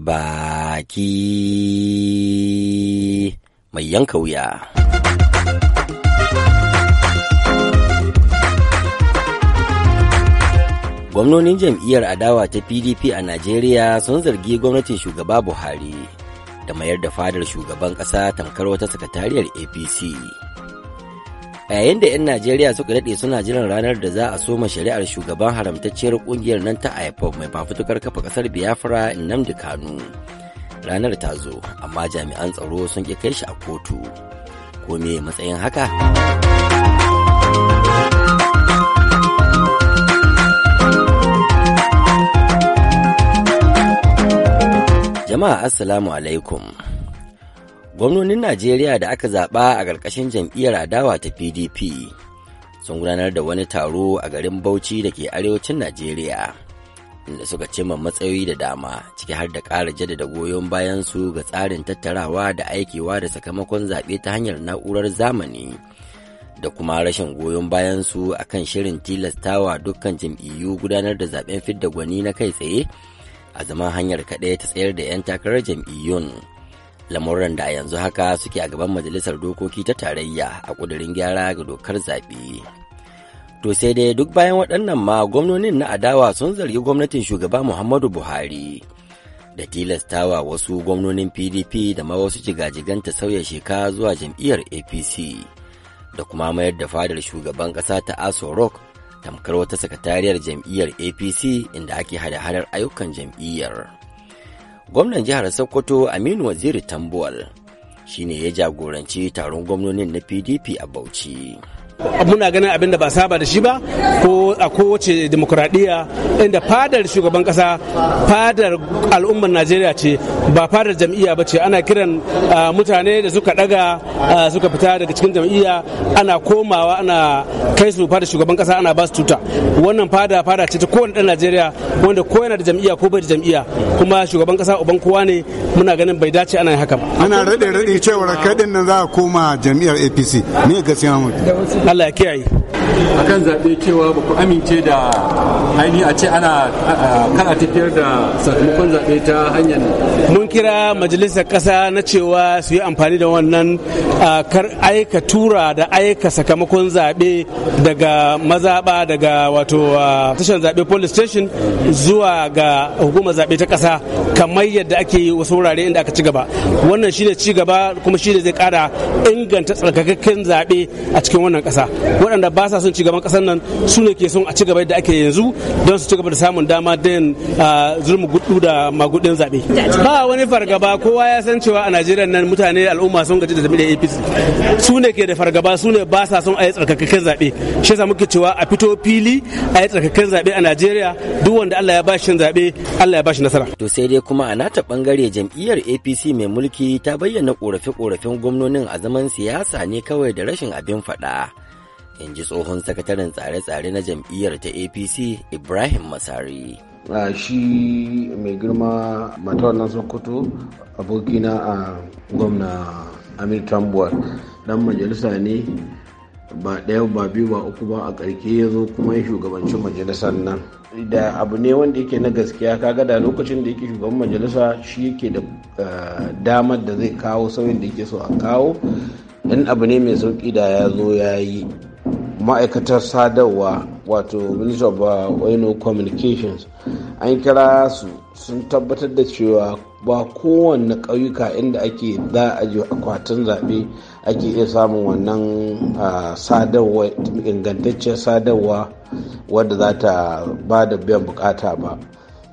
baki mai yanka wuya. Gwamnonin jam'iyyar adawa ta PDP a Najeriya sun zargi gwamnatin shugaba Buhari da mayar da fadar shugaban ƙasa tamkar wata sakatariyar APC. a yayin da 'yan najeriya suka daɗe suna jiran ranar da za a soma shari'ar shugaban haramtacciyar ƙungiyar nan ta ipob mai fafutukar kafa ƙasar biafra nnamdi kanu ranar ta zo amma jami'an tsaro sun ƙi kai shi a kotu ko me matsayin haka jama'a assalamu alaikum gwamnonin najeriya da aka zaɓa a ƙarƙashin jam'iyyar adawa ta pdp sun gudanar da wani taro a garin bauchi da ke arewacin najeriya inda suka cimma matsayoyi da dama ciki har da ƙara jaddada goyon bayan su ga tsarin tattarawa da aikewa da sakamakon zaɓe ta hanyar na'urar zamani da kuma rashin goyon bayan su kan shirin tilastawa dukkan jam'iyyu gudanar da zaɓen fidda gwani na kai tsaye a zaman hanyar kaɗai ta tsayar da 'yan takarar jam'iyyun. lamuran da a yanzu haka suke a gaban majalisar dokoki ta tarayya a ƙudurin gyara ga dokar zaɓe. To sai dai duk bayan waɗannan ma gwamnonin na adawa sun zargi gwamnatin shugaba Muhammadu Buhari da tilastawa wasu gwamnonin PDP da ma wasu jigajiganta sauya sheka zuwa jam'iyyar APC da kuma mayar da fadar shugaban ƙasa ta Aso Rock tamkar wata sakatariyar jam'iyyar APC inda ake hada-hadar ayyukan jam'iyyar. gwamnan jihar sokoto aminu waziri tambuwal shine ya jagoranci taron gwamnonin na pdp a bauchi muna ganin abin da ba saba da shi ba ko a kowace demokuraɗiyya inda fadar shugaban ƙasa fadar al'ummar najeriya ce ba fadar jam'iyya ba ce ana kiran mutane da suka daga suka fita daga cikin jam'iyya ana komawa ana kai su fadar shugaban ƙasa ana ba su tuta wannan fada fada ce ta kowane ɗan najeriya wanda ko yana da jam'iyya ko bai da jam'iyya kuma shugaban ƙasa uban kowa ne muna ganin bai dace ana yin haka ba ana rade rade cewa kaɗin nan za a koma jam'iyyar apc ne gaskiya mu I like kiyaye akan zaɓe cewa ba ku amince da ainihi a ce ana a tafiyar da sakamakon zaɓe ta hanyar mun kira majalisar ƙasa na cewa su yi amfani da wannan kar aika tura da aika sakamakon zaɓe daga mazaɓa daga wato tashar zaɓe police station zuwa ga hukumar zaɓe ta ƙasa kamar yadda ake yi wasu wurare inda aka ci gaba wannan shine ci gaba kuma shine zai ƙara inganta tsarkakakken zaɓe a cikin wannan ƙasa waɗanda ba sa ci cigaban kasar nan su ne ke son a cigaba da ake yanzu don su cigaba da samun dama da yin zulmu gudu da magudin zabe ba wani fargaba kowa ya san cewa a najeriya nan mutane al'umma sun gaji da zaɓe da apc su ne ke da fargaba su ne ba sa son a yi tsarkakakken zabe shi yasa muke cewa a fito fili a yi tsarkakakken zabe a najeriya duk wanda allah ya bashi zabe allah ya bashi nasara to sai dai kuma a nata bangare jam'iyyar apc mai mulki ta bayyana korafe-korafen gwamnonin a zaman siyasa ne kawai da rashin abin faɗa in ji tsohon sakataren tsare-tsare na jam'iyyar ta apc ibrahim masari a shi mai girma matawar na sokoto abokina a gwamna amir tambuwar dan majalisa ne ba ɗaya ba biyu ba uku ba a ƙarke ya zo kuma ya shugabanci majalisar nan da abu ne wanda yake na gaskiya kaga da lokacin da yake shugaban majalisa shi yake da eh, damar da zai kawo sauyin da yake so a kawo in abu ne mai sauki da ya zo ya yi ma'aikatar sadarwa wato minister of uh, wayno communications an kira su sun tabbatar da cewa ba kowanne ƙauyuka inda ake za a ji akwatin zaɓe ake iya samun wannan uh, sadarwa ingantacciyar sadarwa wadda za ta ba da biyan bukata ba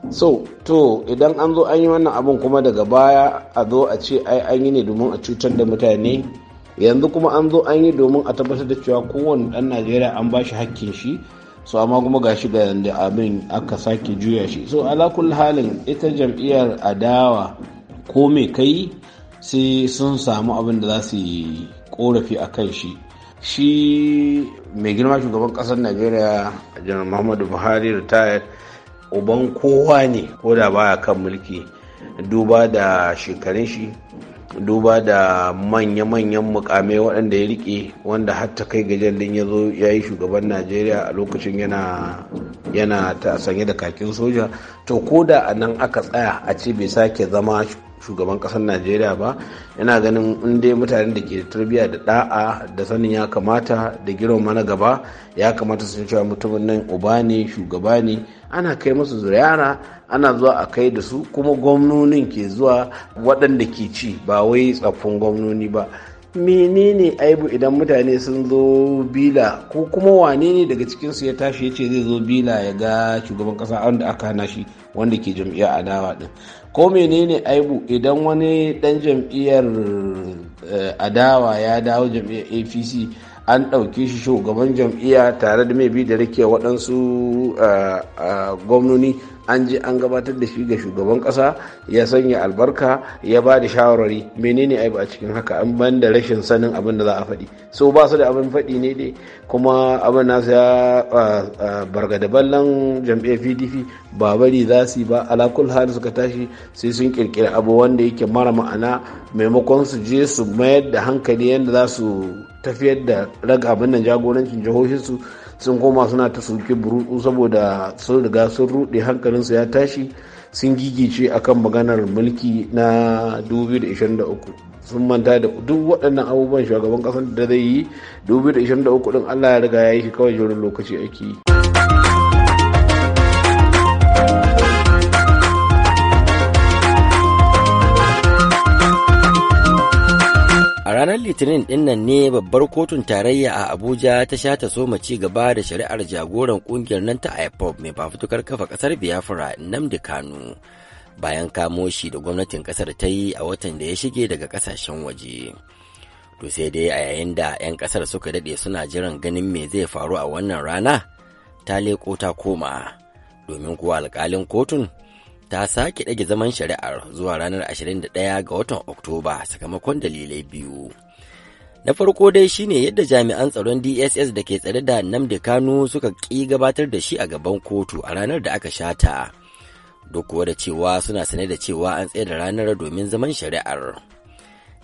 so to idan an zo an yi wannan abin kuma daga baya a zo a ce ai an yi ne domin a cutar da mutane yanzu kuma an zo an yi domin a tabbatar da cewa kowane dan najeriya an ba shi hakkin shi so amma kuma ga shi ga da abin aka sake juya shi so ala halin ita jam'iyyar adawa ko mai kai sai sun samu abin da za su yi korafi a kan shi shi mai girma shugaban kasar najeriya janar muhammadu buhari retired uban kowa ne ko da baya kan mulki duba da shekarun shi duba da manya-manyan mukamai waɗanda ya rike wanda har ta kai gajallin ya zo ya yi shugaban najeriya a lokacin yana yana ta sanye da kakin soja to ko da a nan aka tsaya a ce bai sake zama shugaban kasar najeriya ba yana ganin in dai mutanen da ke tarbiyya da da'a da sanin ya kamata da girma na gaba ya kamata sun cewa mutumin nan uba ne shugaba ne ana kai musu ziyara ana zuwa a kai da su kuma gwamnonin ke zuwa waɗanda ke ci ba wai tsaffin gwamnoni ba menene aibu idan mutane sun zo bila ko kuma wane ne daga cikinsu ya tashi ya ce zai zo bila ya ga shugaban kasa wanda aka hana shi wanda ke jam'iyyar adawa din ko menene aibu idan wani dan jam'iyyar eh, adawa ya dawo jam'iyyar apc an ɗauke shi shugaban jam'iyya tare da mai bi da rike waɗansu eh, eh, gwamnoni an je an gabatar da shi ga shugaban kasa ya sanya albarka ya ba da shawarwari menene ai ba a cikin haka an ban da rashin sanin abin da za a faɗi so ba su da abin faɗi ne dai kuma abin nasu ya bargada ballan jam'iyyar pdp ba bari za su yi ba alakul hali suka tashi sai sun kirkiri abu wanda yake mara ma'ana maimakon su je su mayar da hankali yadda za su tafiyar da raga abin nan jagorancin jihohinsu sun koma suna ta sauke burutsu saboda sun riga sun rude hankalinsu ya tashi sun gigice akan maganar mulki na 2023 sun manta da duk waɗannan abubuwan shugaban ƙasar da zai yi 2023 din Allah ya riga ya yi shi kawai jirin lokaci ake yi. litinin dinnan ne babbar kotun tarayya a abuja ta sha ta soma ci gaba da shari'ar jagoran kungiyar nan ta ipob mai fafutukar kafa kasar biafra namdi kanu bayan kamo shi da gwamnatin kasar ta yi a watan da ya shige daga kasashen waje to sai dai a yayin da 'yan kasar suka daɗe suna jiran ganin me zai faru a wannan rana ta leko ta koma domin kuwa alkalin kotun ta sake ɗage zaman shari'ar zuwa ranar 21 ga watan Oktoba sakamakon dalilai biyu. Na farko dai shine yadda jami'an tsaron DSS da ke tsare da Namdi Kanu suka ƙi gabatar da shi a gaban kotu a ranar da aka shata. Duk kuwa da cewa suna sane da cewa an tsaye da ranar domin zaman shari'ar.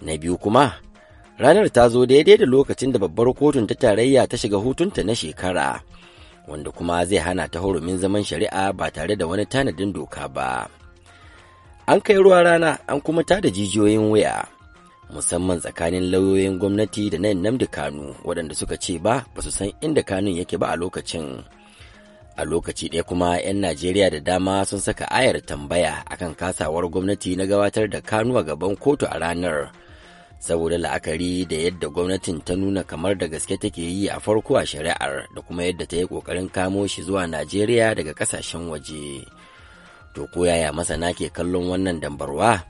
Na biyu kuma, ranar ta zo daidai da lokacin da babbar kotun ta tarayya ta shiga hutunta na shekara, wanda kuma zai hana ta hurumin zaman shari'a ba tare da wani tanadin doka ba. An kai ruwa rana an kuma tada jijiyoyin wuya. musamman tsakanin lauyoyin gwamnati da na Nnamdi Kanu waɗanda suka ce ba ba su san inda kanun yake ba a lokacin. A lokaci ɗaya kuma 'yan Najeriya da dama sun saka ayar tambaya akan kasawar gwamnati na gabatar da Kanu a gaban kotu a ranar. Saboda la'akari da yadda gwamnatin ta nuna kamar da gaske take yi a farko a shari'ar da kuma yadda ta yi ƙoƙarin kamo shi zuwa Najeriya daga ƙasashen waje. To ko yaya masana ke kallon wannan dambarwa?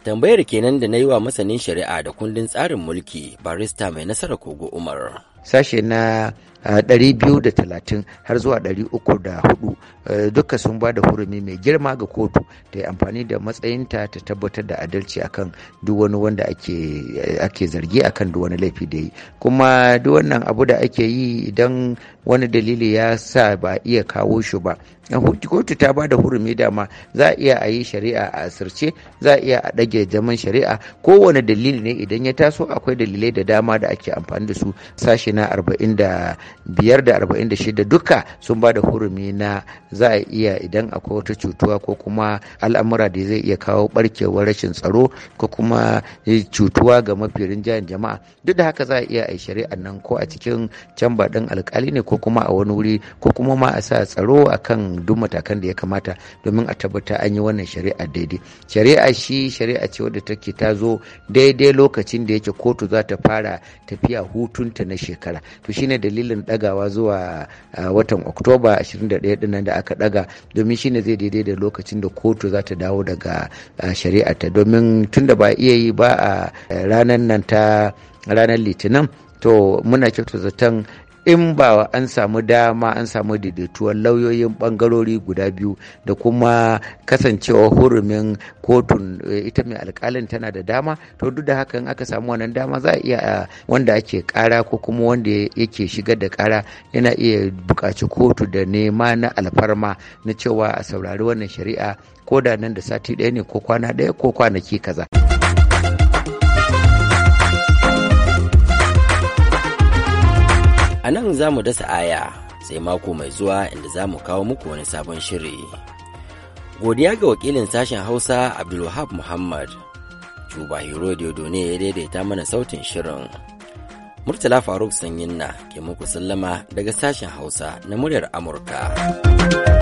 Tambayar kenan da na yi wa masanin shari'a da kundin tsarin mulki barista mai nasara kogo Umar. sashe na ah, talatin, har zuwa 304 eh, duka sun ba da hurumi mai girma ga kotu ta yi amfani da matsayinta ta tabbatar da adalci akan duk wani wanda ake zargi akan duk wani laifi da yi kuma duk wannan abu da ake yi idan wani dalili ya sa ba iya kawo shi ba eh, kotu ta ba da hurumi dama za a iya a yi shari'a a asirce za a iya a ɗage zaman shari'a kowane dalili ne idan ya taso akwai dalilai da dama da ake amfani da su sashe sashi na 45 da 46 duka sun ba da hurumi na za a iya idan akwai wata cutuwa ko kuma al'amura da zai iya kawo barkewar rashin tsaro ko kuma cutuwa ga mafi rinjayen jama'a duk da haka za a iya a shari'a nan ko a cikin camba ɗin alkali ne ko kuma a wani wuri ko kuma ma a sa tsaro akan duk matakan da ya kamata domin a tabbata an yi wannan shari'a daidai shari'a shi shari'a ce wadda take ta zo daidai lokacin da yake kotu za ta fara tafiya hutunta na shekara shekara to shine dalilin dagawa zuwa watan oktoba 21 dinnan da aka daga domin shine zai daidai da lokacin da kotu za ta dawo daga shari'a ta domin tunda ba iya yi ba a ranar nan ta ranar litinin to muna kyautata zaton in ba an samu dama an samu daidaituwar lauyoyin bangarori guda biyu da kuma kasancewa hurumin kotun eh, ita mai alkalin tana da dama to duk da hakan aka samu wannan dama za a iya wanda ake kara ko kuma wanda yake shigar da kara yana iya bukaci kotu da nema na alfarma na cewa a saurari wannan shari'a ko da nan da sati ɗaya ne ko kwana ɗaya ko kwanaki kaza. A nan za mu dasa aya sai mako mai zuwa inda za mu kawo muku wani sabon shiri. Godiya ga wakilin sashen Hausa Abdulwahab Muhammad. Juba Hero ne ya daidaita mana sautin shirin. Murtala Faruk Sanyin na ke muku sallama daga sashen Hausa na muryar Amurka.